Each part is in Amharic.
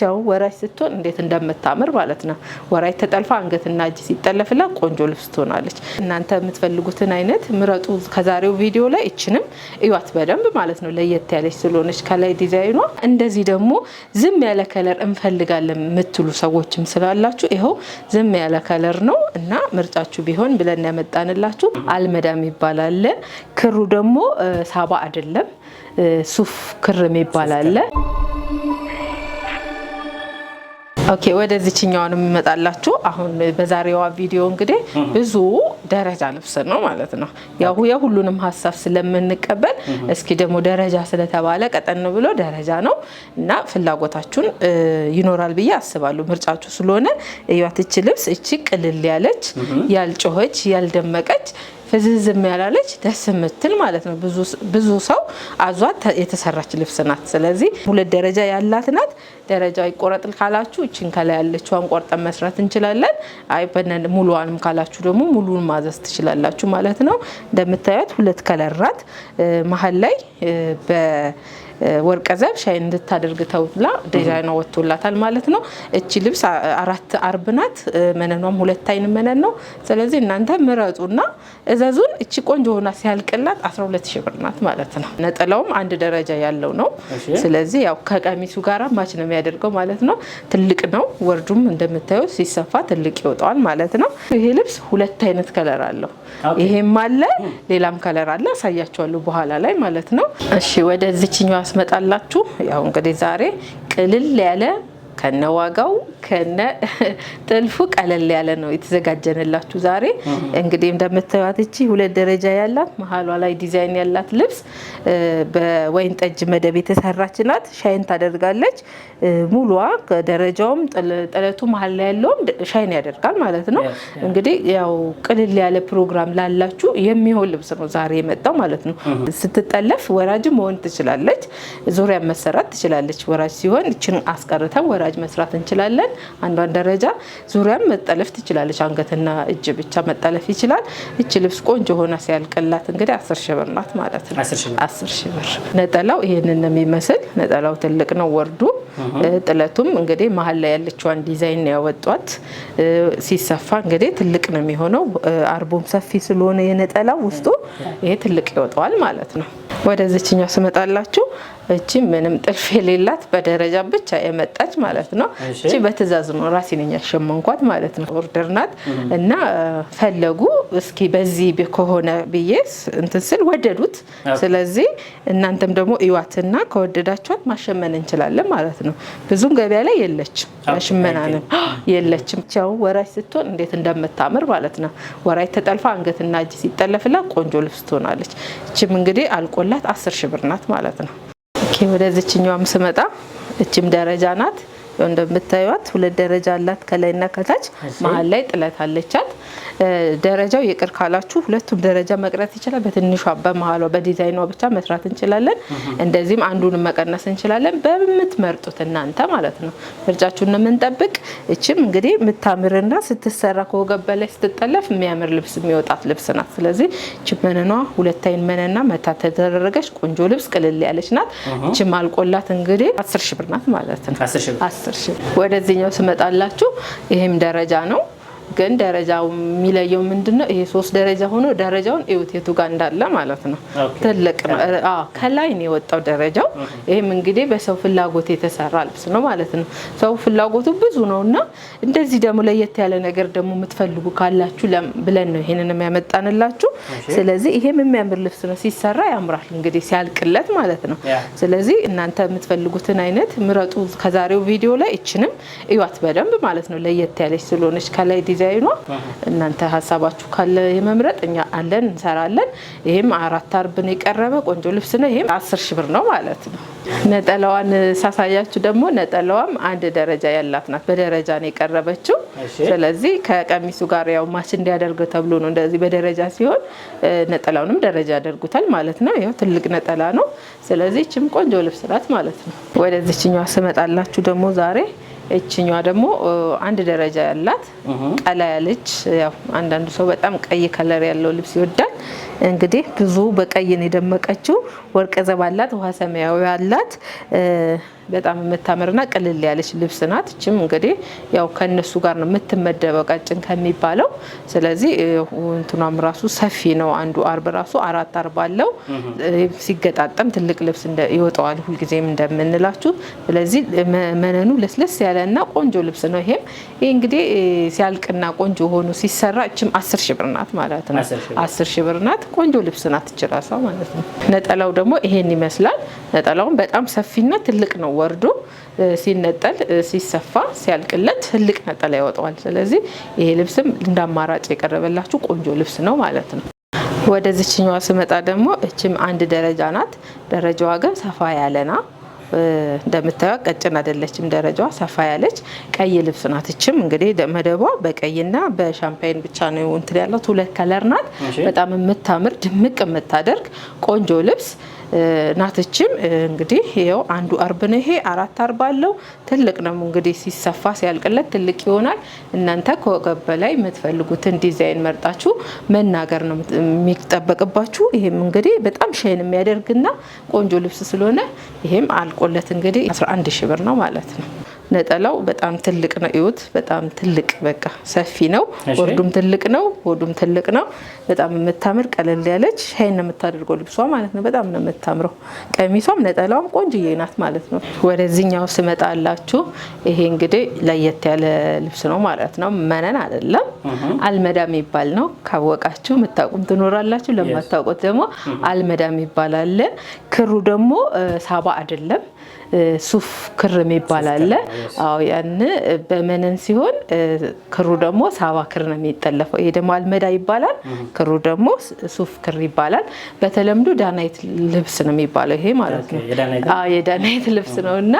ብቻው ወራጅ ስትሆን እንዴት እንደምታምር ማለት ነው። ወራጅ ተጠልፋ አንገትና እጅ ሲጠለፍላት ቆንጆ ልብስ ትሆናለች። እናንተ የምትፈልጉትን አይነት ምረጡ። ከዛሬው ቪዲዮ ላይ እችንም እዩዋት በደንብ ማለት ነው። ለየት ያለች ስለሆነች ከላይ ዲዛይኗ። እንደዚህ ደግሞ ዝም ያለ ከለር እንፈልጋለን የምትሉ ሰዎችም ስላላችሁ ይኸው ዝም ያለ ከለር ነው እና ምርጫችሁ ቢሆን ብለን ያመጣንላችሁ። አልመዳም ይባላል። ክሩ ደግሞ ሳባ አይደለም ሱፍ ክርም ይባላለ። ኦኬ ወደዚችኛውንም የምመጣላችሁ አሁን በዛሬዋ ቪዲዮ እንግዲህ ብዙ ደረጃ ልብስ ነው ማለት ነው ያው የሁሉንም ሀሳብ ስለምንቀበል እስኪ ደግሞ ደረጃ ስለተባለ ቀጠን ብሎ ደረጃ ነው እና ፍላጎታችሁን ይኖራል ብዬ አስባለሁ። ምርጫችሁ ስለሆነ እያትች ልብስ እቺ ቅልል ያለች ያልጮኸች ያልደመቀች ፍዝዝም ያላለች ደስ የምትል ማለት ነው። ብዙ ሰው አዟት የተሰራች ልብስ ናት። ስለዚህ ሁለት ደረጃ ያላት ናት። ደረጃ ይቆረጥል ካላችሁ እችን ከላይ ያለችዋን ቆርጠን መስራት እንችላለን። አይ ሙሉዋንም ካላችሁ ደግሞ ሙሉን ማዘዝ ትችላላችሁ ማለት ነው። እንደምታዩት ሁለት ከለራት መሀል ላይ ወርቀ ዘብ ሻይ እንድታደርግ ተብላ ዲዛይኗ ወጥቶላታል ማለት ነው። እቺ ልብስ አራት አርብ ናት። መነኗም ሁለት አይን መነን ነው። ስለዚህ እናንተ ምረጡና እዘዙን። እቺ ቆንጆ ሆና ሲያልቅላት 12 ሺህ ብር ናት ማለት ነው። ነጠላውም አንድ ደረጃ ያለው ነው። ስለዚህ ያው ከቀሚሱ ጋር ማች ነው የሚያደርገው ማለት ነው። ትልቅ ነው። ወርዱም እንደምታዩ ሲሰፋ ትልቅ ይወጣዋል ማለት ነው። ይሄ ልብስ ሁለት አይነት ከለር አለው። ይሄም አለ ሌላም ከለር አለ። አሳያቸዋለሁ በኋላ ላይ ማለት ነው። እሺ ወደ ታስመጣላችሁ። ያው እንግዲህ ዛሬ ቅልል ያለ ከነ ዋጋው ከነ ጥልፉ ቀለል ያለ ነው የተዘጋጀንላችሁ ዛሬ። እንግዲህ እንደምታዩት እቺ ሁለት ደረጃ ያላት መሀሏ ላይ ዲዛይን ያላት ልብስ በወይን ጠጅ መደብ የተሰራች ናት። ሻይን ታደርጋለች ሙሏ። ደረጃውም ጥለቱ መሀል ላይ ያለውም ሻይን ያደርጋል ማለት ነው። እንግዲህ ያው ቅልል ያለ ፕሮግራም ላላችሁ የሚሆን ልብስ ነው ዛሬ የመጣው ማለት ነው። ስትጠለፍ ወራጅ መሆን ትችላለች፣ ዙሪያ መሰራት ትችላለች። ወራጅ ሲሆን እችን አስቀርተን ወራጅ ወዳጅ መስራት እንችላለን። አንዷን ደረጃ ዙሪያም መጠለፍ ትችላለች። አንገትና እጅ ብቻ መጠለፍ ይችላል። እች ልብስ ቆንጆ ሆና ሲያልቅላት እንግዲህ አስር ሺህ ብር ናት ማለት ነው። አስር ሺህ ብር ነጠላው ይህንን የሚመስል ነጠላው ትልቅ ነው ወርዱ ጥለቱም እንግዲህ መሀል ላይ ያለችዋን ዲዛይን ያወጧት ሲሰፋ እንግዲህ ትልቅ ነው የሚሆነው። አርቦም ሰፊ ስለሆነ የነጠላው ውስጡ ይሄ ትልቅ ይወጣዋል ማለት ነው። ወደዚችኛው ስመጣላችሁ እቺ ምንም ጥልፍ የሌላት በደረጃ ብቻ የመጣች ማለት ነው። እቺ በትእዛዝ ነው ራሴ ነኝ ያሸመንኳት ማለት ነው። ኦርደር ናት እና ፈለጉ እስኪ በዚህ ከሆነ ብዬ እንትን ስል ወደዱት። ስለዚህ እናንተም ደግሞ እዋትና ከወደዳችኋት ማሸመን እንችላለን ማለት ነው። ብዙም ገበያ ላይ የለችም፣ ማሽመናንም የለችም። ቻው ወራጅ ስትሆን እንዴት እንደምታምር ማለት ነው። ወራጅ ተጠልፋ አንገትና እጅ ሲጠለፍላት ቆንጆ ልብስ ትሆናለች። እችም እንግዲህ አልቆላት አስር ሺህ ብር ናት ማለት ነው። ወደዚችኛዋም ስመጣ እችም ደረጃ ናት። እንደምታዩት ሁለት ደረጃ አላት። ከላይና ከታች መሀል ላይ ጥለት አለቻት። ደረጃው ይቅር ካላችሁ ሁለቱም ደረጃ መቅረት ይችላል። በትንሿ በመሀሏ በዲዛይኗ ብቻ መስራት እንችላለን። እንደዚህም አንዱን መቀነስ እንችላለን። በምትመርጡት እናንተ ማለት ነው። ምርጫችሁን የምንጠብቅ እችም እንግዲህ የምታምርና ስትሰራ ከወገብ በላይ ስትጠለፍ የሚያምር ልብስ የሚወጣት ልብስ ናት። ስለዚህ እች መነኗ ሁለት አይን መነና መታ ተደረገች ቆንጆ ልብስ ቅልል ያለች ናት። እችም አልቆላት እንግዲህ አስር ሺህ ብር ናት ማለት ነው። አስር ሺ ወደዚህኛው ስመጣላችሁ ይሄም ደረጃ ነው ግን ደረጃው የሚለየው ምንድን ነው? ይሄ ሶስት ደረጃ ሆኖ ደረጃውን እዩት የቱ ጋር እንዳለ ማለት ነው። ትልቅ ነው። ከላይ ነው የወጣው ደረጃው። ይህም እንግዲህ በሰው ፍላጎት የተሰራ ልብስ ነው ማለት ነው። ሰው ፍላጎቱ ብዙ ነው እና እንደዚህ ደግሞ ለየት ያለ ነገር ደግሞ የምትፈልጉ ካላችሁ ብለን ነው ይሄንን የሚያመጣንላችሁ። ስለዚህ ይሄም የሚያምር ልብስ ነው። ሲሰራ ያምራል እንግዲህ ሲያልቅለት ማለት ነው። ስለዚህ እናንተ የምትፈልጉትን አይነት ምረጡ። ከዛሬው ቪዲዮ ላይ እችንም እዩት በደንብ ማለት ነው። ለየት ያለች ስለሆነች ከላይ ጊዜያዊ ነው። እናንተ ሀሳባችሁ ካለ የመምረጥ እኛ አለን እንሰራለን። ይህም አራት አርብን የቀረበ ቆንጆ ልብስ ነው። ይህም አስር ሽብር ብር ነው ማለት ነው። ነጠላዋን ሳሳያችሁ ደግሞ ነጠላዋም አንድ ደረጃ ያላት ናት። በደረጃ ነው የቀረበችው። ስለዚህ ከቀሚሱ ጋር ያው ማች እንዲያደርግ ተብሎ ነው እንደዚህ በደረጃ ሲሆን ነጠላውንም ደረጃ ያደርጉታል ማለት ነው። ያው ትልቅ ነጠላ ነው። ስለዚህ ችም ቆንጆ ልብስ ናት ማለት ነው። ወደዚችኛዋ ስመጣላችሁ ደግሞ ዛሬ እችኛዋ ደግሞ አንድ ደረጃ ያላት ቀላ ያለች። ያው አንዳንዱ ሰው በጣም ቀይ ከለር ያለው ልብስ ይወዳል። እንግዲህ ብዙ በቀይ ነው የደመቀችው። ወርቅ ዘብ አላት፣ ውሃ ሰማያዊ አላት። በጣም የምታምርና ቅልል ያለች ልብስ ናት። እችም እንግዲህ ያው ከነሱ ጋር ነው የምትመደበው ቀጭን ከሚባለው። ስለዚህ እንትኗም ራሱ ሰፊ ነው። አንዱ አርብ ራሱ አራት አርብ አለው። ሲገጣጠም ትልቅ ልብስ ይወጣዋል ሁልጊዜም እንደምንላችሁ። ስለዚህ መነኑ ለስለስ ያለና ቆንጆ ልብስ ነው። ይሄም ይህ እንግዲህ ሲያልቅና ቆንጆ ሆኖ ሲሰራ እችም አስር ሺህ ብር ናት ማለት ነው። አስር ሺህ ብር ናት። ቆንጆ ልብስ ናት እችራሷ ማለት ነው። ነጠላው ደግሞ ይሄን ይመስላል። ነጠላውን በጣም ሰፊና ትልቅ ነው ወርዶ ሲነጠል ሲሰፋ ሲያልቅለት ትልቅ ነጠላ ያወጣዋል። ስለዚህ ይሄ ልብስም እንደ አማራጭ የቀረበላችሁ ቆንጆ ልብስ ነው ማለት ነው። ወደዚችኛዋ ስመጣ ደግሞ እችም አንድ ደረጃ ናት። ደረጃዋ ግን ሰፋ ያለና እንደምታዩት ቀጭን አይደለችም። ደረጃዋ ሰፋ ያለች ቀይ ልብስ ናት። እችም እንግዲህ መደቧ በቀይና በሻምፓይን ብቻ ነው እንትን ያላት ሁለት ከለር ናት። በጣም የምታምር ድምቅ የምታደርግ ቆንጆ ልብስ ናትችም እንግዲህ ይኸው አንዱ አርብ ነው። ይሄ አራት አርብ አለው። ትልቅ ነው እንግዲህ ሲሰፋ ሲያልቅለት ትልቅ ይሆናል። እናንተ ከወገብ በላይ የምትፈልጉትን ዲዛይን መርጣችሁ መናገር ነው የሚጠበቅባችሁ። ይሄም እንግዲህ በጣም ሻይን የሚያደርግና ቆንጆ ልብስ ስለሆነ ይሄም አልቆለት እንግዲህ 11 ሺ ብር ነው ማለት ነው። ነጠላው በጣም ትልቅ ነው። እዩት፣ በጣም ትልቅ በቃ ሰፊ ነው። ወርዱም ትልቅ ነው። ወዱም ትልቅ ነው። በጣም የምታምር ቀለል ያለች ሻይን ነው የምታደርገው ልብሷ ማለት ነው። በጣም ነው የምታምረው። ቀሚሷም ነጠላውም ቆንጅዬ ናት ማለት ነው። ወደዚህኛው ስመጣላችሁ ይሄ እንግዲህ ለየት ያለ ልብስ ነው ማለት ነው። መነን አይደለም አልመዳ የሚባል ነው። ካወቃችሁ የምታውቁም ትኖራላችሁ። ለማታውቁት ደግሞ አልመዳም ይባላል። ክሩ ደግሞ ሳባ አይደለም ሱፍ ክር የሚባል አለ። አዎ ያን በመነን ሲሆን ክሩ ደግሞ ሳባ ክር ነው የሚጠለፈው። ይሄ ደግሞ አልመዳ ይባላል። ክሩ ደግሞ ሱፍ ክር ይባላል። በተለምዶ ዳናይት ልብስ ነው የሚባለው ይሄ ማለት ነው። አዎ የዳናይት ልብስ ነው እና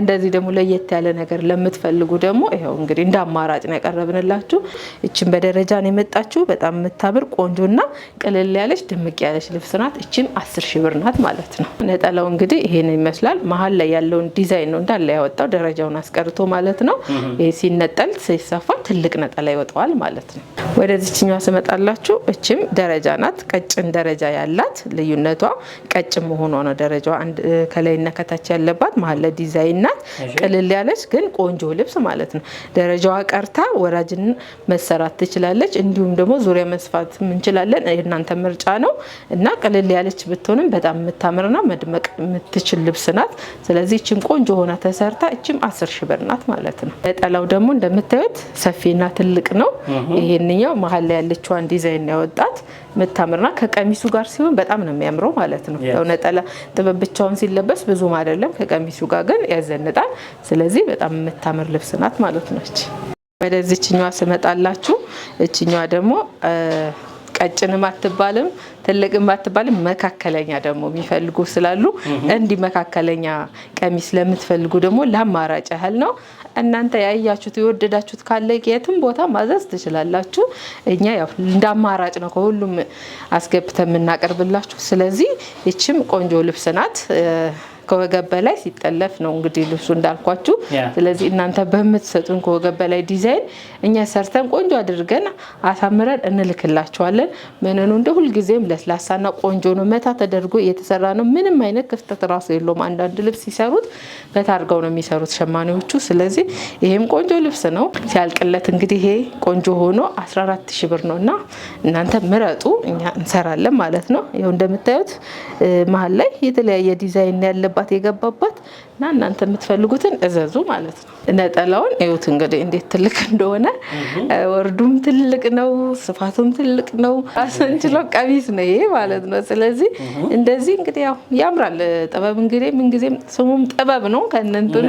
እንደዚህ ደግሞ ለየት ያለ ነገር ለምትፈልጉ ደግሞ ይኸው እንግዲህ እንደ አማራጭ ነው ያቀረብንላችሁ። እችን በደረጃ ነው የመጣችሁ። በጣም የምታምር ቆንጆና ቅልል ያለች ድምቅ ያለች ልብስ ናት። እችን አስር ሺ ብር ናት ማለት ነው። ነጠላው እንግዲህ ይሄን ይመስላል መሀል መሀል ላይ ያለውን ዲዛይን ነው እንዳለ ያወጣው ደረጃውን አስቀርቶ ማለት ነው። ይሄ ሲነጠል ሲሰፋ ትልቅ ነጠላ ይወጣዋል ማለት ነው። ወደዚችኛዋ ስመጣላችሁ እችም ደረጃ ናት። ቀጭን ደረጃ ያላት ልዩነቷ ቀጭን መሆኗ ነው። ደረጃዋ ከላይና ከታች ያለባት መሀል ላይ ዲዛይን ናት። ቅልል ያለች ግን ቆንጆ ልብስ ማለት ነው። ደረጃዋ ቀርታ ወራጅን መሰራት ትችላለች። እንዲሁም ደግሞ ዙሪያ መስፋት እንችላለን። የእናንተ ምርጫ ነው እና ቅልል ያለች ብትሆንም በጣም የምታምርና መድመቅ የምትችል ልብስ ናት። ስለዚህ እችም ቆንጆ ሆና ተሰርታ እችም አስር ሺ ብር ናት ማለት ነው። ነጠላው ደግሞ እንደምታዩት ሰፊና ትልቅ ነው። ይሄንኛው መሀል ላይ ያለችዋን ዲዛይን ያወጣት ምታምርና ከቀሚሱ ጋር ሲሆን በጣም ነው የሚያምረው ማለት ነው። ያው ነጠላ ጥበብ ብቻውን ሲለበስ ብዙም አይደለም፣ ከቀሚሱ ጋር ግን ያዘንጣል። ስለዚህ በጣም የምታምር ልብስ ናት ማለት ነው። ወደዚህ እችኛዋ ስመጣላችሁ እችኛዋ ደግሞ ቀጭንም አትባልም ትልቅም አትባልም፣ መካከለኛ ደግሞ የሚፈልጉ ስላሉ እንዲህ መካከለኛ ቀሚስ ለምትፈልጉ ደግሞ ለአማራጭ ያህል ነው። እናንተ ያያችሁት የወደዳችሁት ካለ የትም ቦታ ማዘዝ ትችላላችሁ። እኛ ያው እንደ አማራጭ ነው ከሁሉም አስገብተን የምናቀርብላችሁ። ስለዚህ ይችም ቆንጆ ልብስ ናት። ከወገብ በላይ ሲጠለፍ ነው እንግዲህ ልብሱ እንዳልኳችሁ። ስለዚህ እናንተ በምትሰጡን ከወገብ በላይ ዲዛይን እኛ ሰርተን ቆንጆ አድርገን አሳምረን እንልክላቸዋለን። መነኑ እንደ ሁልጊዜም ለስላሳና ቆንጆ ነው። መታ ተደርጎ እየተሰራ ነው። ምንም አይነት ክፍተት ራሱ የለውም። አንዳንድ ልብስ ሲሰሩት መታ አድርገው ነው የሚሰሩት ሸማኔዎቹ። ስለዚህ ይሄም ቆንጆ ልብስ ነው። ሲያልቅለት እንግዲህ ይሄ ቆንጆ ሆኖ 14 ሺ ብር ነው እና እናንተ ምረጡ፣ እኛ እንሰራለን ማለት ነው። ይኸው እንደምታዩት መሀል ላይ የተለያየ ዲዛይን ያለበት ገባት የገባባት እና እናንተ የምትፈልጉትን እዘዙ ማለት ነው። ነጠላውን እዩት እንግዲህ እንዴት ትልቅ እንደሆነ ወርዱም ትልቅ ነው፣ ስፋቱም ትልቅ ነው። ራስን ችሎ ቀሚስ ነው ይሄ ማለት ነው። ስለዚህ እንደዚህ እንግዲህ ያው ያምራል። ጥበብ እንግዲህ ምንጊዜም ስሙም ጥበብ ነው ከእነንትኑ።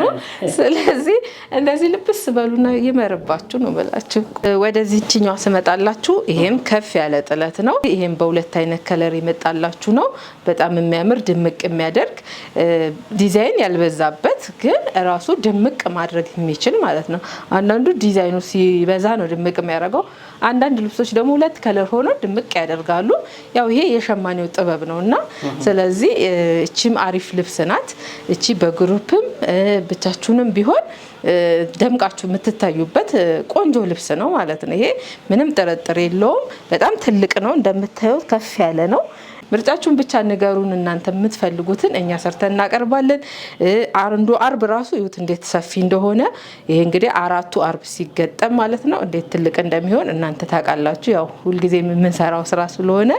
ስለዚህ እንደዚህ ልብስ በሉና ይመርባችሁ ነው በላችሁ። ወደዚህ ችኛ ስመጣላችሁ ይሄም ከፍ ያለ ጥለት ነው። ይሄም በሁለት አይነት ከለር የመጣላችሁ ነው። በጣም የሚያምር ድምቅ የሚያደርግ ዲዛይን ያልበዛ ሲበዛበት ግን ራሱ ድምቅ ማድረግ የሚችል ማለት ነው። አንዳንዱ ዲዛይኑ ሲበዛ ነው ድምቅ የሚያደርገው። አንዳንድ ልብሶች ደግሞ ሁለት ከለር ሆኖ ድምቅ ያደርጋሉ። ያው ይሄ የሸማኔው ጥበብ ነው እና ስለዚህ እቺም አሪፍ ልብስ ናት። እቺ በግሩፕም ብቻችሁንም ቢሆን ደምቃችሁ የምትታዩበት ቆንጆ ልብስ ነው ማለት ነው። ይሄ ምንም ጥርጥር የለውም። በጣም ትልቅ ነው እንደምታዩት ከፍ ያለ ነው። ምርጫችሁን ብቻ ንገሩን። እናንተ የምትፈልጉትን እኛ ሰርተን እናቀርባለን። አንዱ አርብ ራሱ ይሁት እንዴት ሰፊ እንደሆነ ይሄ እንግዲህ አራቱ አርብ ሲገጠም ማለት ነው እንዴት ትልቅ እንደሚሆን እናንተ ታውቃላችሁ። ያው ሁልጊዜ የምንሰራው ስራ ስለሆነ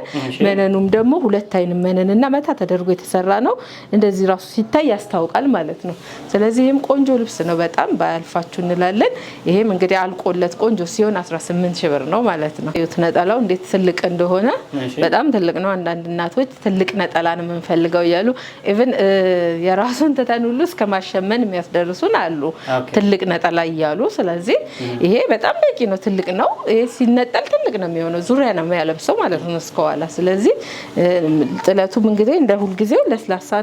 መነኑም ደግሞ ሁለት አይን መነንና መታ ተደርጎ የተሰራ ነው። እንደዚህ ራሱ ሲታይ ያስታውቃል ማለት ነው። ስለዚህ ይህም ቆንጆ ልብስ ነው። በጣም ባያልፋችሁ እንላለን። ይሄም እንግዲህ አልቆለት ቆንጆ ሲሆን 18 ሺ ብር ነው ማለት ነው። ይሁት ነጠላው እንዴት ትልቅ እንደሆነ በጣም ትልቅ ነው። አንዳንድ እናቶች ትልቅ ነጠላ ነው የምንፈልገው እያሉ ኢቭን የራሱን ትተን ሁሉ እስከ ማሸመን የሚያስደርሱን አሉ ትልቅ ነጠላ እያሉ። ስለዚህ ይሄ በጣም በቂ ነው፣ ትልቅ ነው። ይሄ ሲነጠል ትልቅ ነው የሚሆነው፣ ዙሪያ ነው የሚያለብሰው ማለት ነው እስከኋላ። ስለዚህ ጥለቱም እንግዲህ እንደ ሁልጊዜው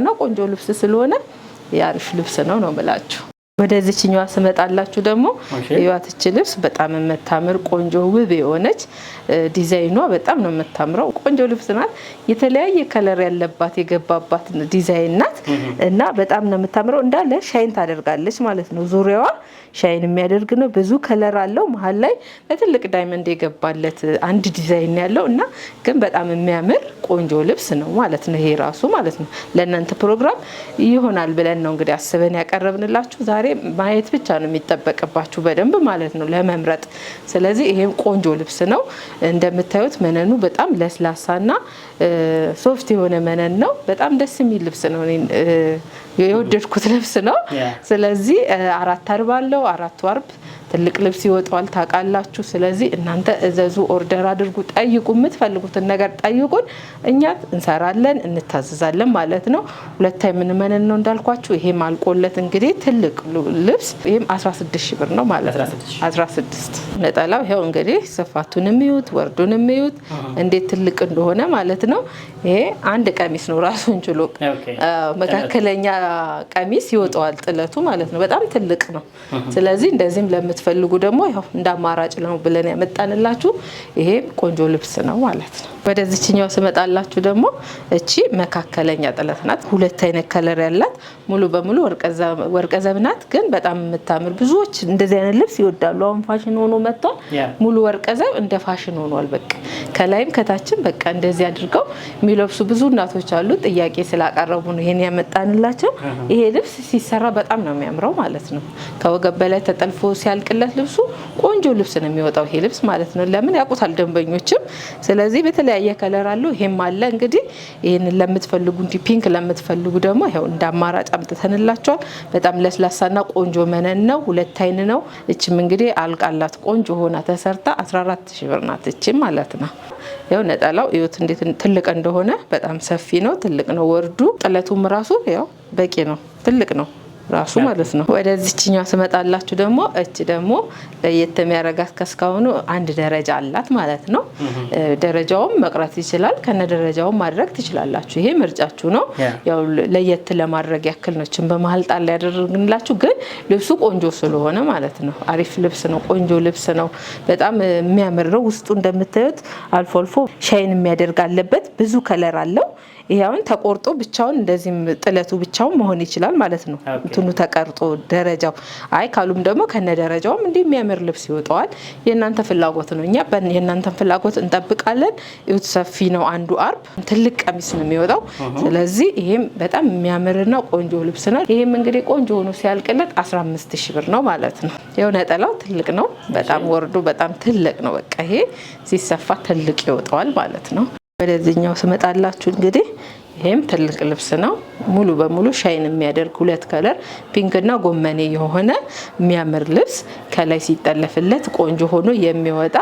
ነው፣ ቆንጆ ልብስ ስለሆነ የአሪፍ ልብስ ነው ነው ብላችሁ ወደዚችኛዋ ስመጣላችሁ ደግሞ የዋትች ልብስ በጣም የምታምር ቆንጆ ውብ የሆነች ዲዛይኗ በጣም ነው የምታምረው። ቆንጆ ልብስ ናት። የተለያየ ከለር ያለባት የገባባት ዲዛይን ናት እና በጣም ነው የምታምረው። እንዳለ ሻይን ታደርጋለች ማለት ነው። ዙሪያዋ ሻይን የሚያደርግ ነው። ብዙ ከለር አለው። መሀል ላይ በትልቅ ዳይመንድ የገባለት አንድ ዲዛይን ያለው እና ግን በጣም የሚያምር ቆንጆ ልብስ ነው ማለት ነው። ይሄ ራሱ ማለት ነው ለእናንተ ፕሮግራም ይሆናል ብለን ነው እንግዲህ አስበን ያቀረብንላችሁ ዛሬ ዛሬ ማየት ብቻ ነው የሚጠበቅባችሁ በደንብ ማለት ነው ለመምረጥ። ስለዚህ ይሄም ቆንጆ ልብስ ነው እንደምታዩት። መነኑ በጣም ለስላሳና ሶፍት የሆነ መነን ነው። በጣም ደስ የሚል ልብስ ነው፣ የወደድኩት ልብስ ነው። ስለዚህ አራት አርብ አለው አራቱ አርብ ትልቅ ልብስ ይወጣዋል ታውቃላችሁ። ስለዚህ እናንተ እዘዙ፣ ኦርደር አድርጉ፣ ጠይቁ፣ የምትፈልጉትን ነገር ጠይቁን። እኛ እንሰራለን፣ እንታዘዛለን ማለት ነው። ሁለታ የምንመንን ነው እንዳልኳችሁ። ይሄም አልቆለት እንግዲህ ትልቅ ልብስ ይህም 16 ሺህ ብር ነው ማለት ነው። 16 ነጠላው ይኸው እንግዲህ ስፋቱን የሚዩት ወርዱን የሚዩት እንዴት ትልቅ እንደሆነ ማለት ነው። ይሄ አንድ ቀሚስ ነው ራሱን ችሎ መካከለኛ ቀሚስ ይወጣዋል ጥለቱ ማለት ነው። በጣም ትልቅ ነው። ስለዚህ እንደዚህም ለም ለምትፈልጉ ደግሞ ያው እንደ አማራጭ ነው ብለን ያመጣንላችሁ ይሄ ቆንጆ ልብስ ነው ማለት ነው። ወደዚችኛው ስመጣላችሁ ደግሞ እቺ መካከለኛ ጥለት ናት። ሁለት አይነት ከለር ያላት ሙሉ በሙሉ ወርቀዘብ ናት፣ ግን በጣም የምታምር ብዙዎች እንደዚህ አይነት ልብስ ይወዳሉ። አሁን ፋሽን ሆኖ መጥቷል። ሙሉ ወርቀዘብ እንደ ፋሽን ሆኗል። በቃ ከላይም ከታችም በቃ እንደዚህ አድርገው የሚለብሱ ብዙ እናቶች አሉ። ጥያቄ ስላቀረቡ ነው ይሄን ያመጣንላቸው። uh-huh. ይሄ ልብስ ሲሰራ በጣም ነው የሚያምረው ማለት ነው። ከወገብ በላይ ተጠልፎ ሲያልቅለት ልብሱ ቆንጆ ልብስ ነው የሚወጣው ይሄ ልብስ ማለት ነው። ለምን ያውቁታል ደንበኞችም። ስለዚህ በተለያ የተለያየ ከለር አለው። ይሄም አለ እንግዲህ ይህን ለምትፈልጉ እንዲ ፒንክ ለምትፈልጉ ደግሞ ይኸው እንደ አማራጭ አምጥተንላቸዋል። በጣም ለስላሳና ቆንጆ መነን ነው። ሁለት አይን ነው። እችም እንግዲህ አልቃላት ቆንጆ ሆና ተሰርታ 14 ሺ ብር ናት። እችም ማለት ነው። ያው ነጠላው እዩት እንዴት ትልቅ እንደሆነ በጣም ሰፊ ነው። ትልቅ ነው ወርዱ። ጥለቱም ራሱ ያው በቂ ነው። ትልቅ ነው። ራሱ ማለት ነው። ወደዚችኛው ስመጣላችሁ ደግሞ እች ደግሞ ለየት የሚያደርጋት ከስካሁኑ አንድ ደረጃ አላት ማለት ነው። ደረጃውም መቅረት ይችላል፣ ከነ ደረጃውም ማድረግ ትችላላችሁ። ይሄ ምርጫችሁ ነው። ያው ለየት ለማድረግ ያክል ነው። ችን በመሀል ጣል ያደረግንላችሁ፣ ግን ልብሱ ቆንጆ ስለሆነ ማለት ነው። አሪፍ ልብስ ነው። ቆንጆ ልብስ ነው። በጣም የሚያምር ነው። ውስጡ እንደምታዩት አልፎ አልፎ ሻይን የሚያደርግ አለበት። ብዙ ከለር አለው። ይሄውን ተቆርጦ ብቻውን እንደዚህም ጥለቱ ብቻውን መሆን ይችላል ማለት ነው። እንትኑ ተቀርጦ ደረጃው አይ ካሉም ደግሞ ከነ ደረጃውም እንዲህ የሚያምር ልብስ ይወጣዋል። የእናንተ ፍላጎት ነው። እኛ የእናንተን ፍላጎት እንጠብቃለን። ይሁት ሰፊ ነው። አንዱ አርብ ትልቅ ቀሚስ ነው የሚወጣው። ስለዚህ ይሄም በጣም የሚያምርና ቆንጆ ልብስ ነው። ይሄም እንግዲህ ቆንጆ ሆኖ ሲያልቅለት 15 ሺ ብር ነው ማለት ነው። ያው ነጠላው ትልቅ ነው። በጣም ወርዶ በጣም ትልቅ ነው። በቃ ይሄ ሲሰፋ ትልቅ ይወጣዋል ማለት ነው። ወደዚህኛው ስመጣላችሁ እንግዲህ ይሄም ትልቅ ልብስ ነው። ሙሉ በሙሉ ሻይን የሚያደርግ ሁለት ከለር ፒንክና ጎመኔ የሆነ የሚያምር ልብስ ከላይ ሲጠለፍለት ቆንጆ ሆኖ የሚወጣ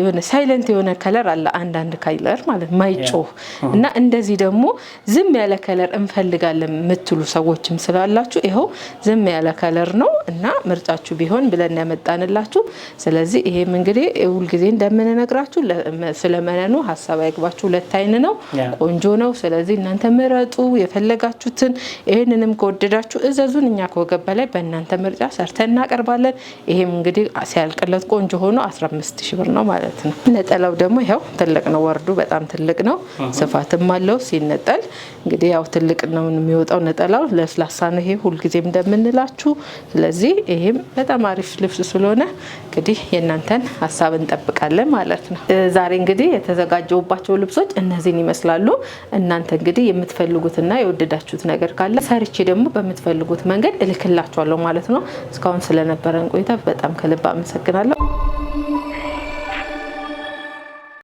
የሆነ ሳይለንት የሆነ ከለር አለ አንዳንድ ከለር ማለት ማይጮህ እና እንደዚህ ደግሞ ዝም ያለ ከለር እንፈልጋለን የምትሉ ሰዎችም ስላላችሁ ይኸው ዝም ያለ ከለር ነው እና ምርጫችሁ ቢሆን ብለን ያመጣንላችሁ። ስለዚህ ይሄም እንግዲህ ሁልጊዜ እንደምንነግራችሁ ስለ መነኑ ሀሳብ አይግባችሁ። ሁለት አይን ነው፣ ቆንጆ ነው። ስለዚህ እናንተ ምረጡ የፈለጋችሁትን። ይህንንም ከወደዳችሁ እዘዙን። እኛ ከወገብ በላይ በእናንተ ምርጫ ሰርተን እናቀርባለን። ይሄም እንግዲህ ሲያልቅለት ቆንጆ ሆኖ 15 ሺ ብር ነው ማለት ነው። ነጠላው ደግሞ ይኸው ትልቅ ነው፣ ወርዱ በጣም ትልቅ ነው፣ ስፋትም አለው። ሲነጠል እንግዲህ ያው ትልቅ ነው የሚወጣው ነጠላው። ለስላሳ ነው ይሄ ሁልጊዜም እንደምንላችሁ። ስለዚህ ይሄም በጣም አሪፍ ልብስ ስለሆነ እንግዲህ የእናንተን ሀሳብ እንጠብቃለን ማለት ነው። ዛሬ እንግዲህ የተዘጋጀውባቸው ልብሶች እነዚህን ይመስላሉ። እናንተ እንግዲህ የምትፈልጉትና የወደዳችሁት ነገር ካለ ሰርቼ ደግሞ በምትፈልጉት መንገድ እልክላችኋለሁ ማለት ነው። እስካሁን ስለነበረን ቆይታ በጣም ከልብ አመሰግናለሁ።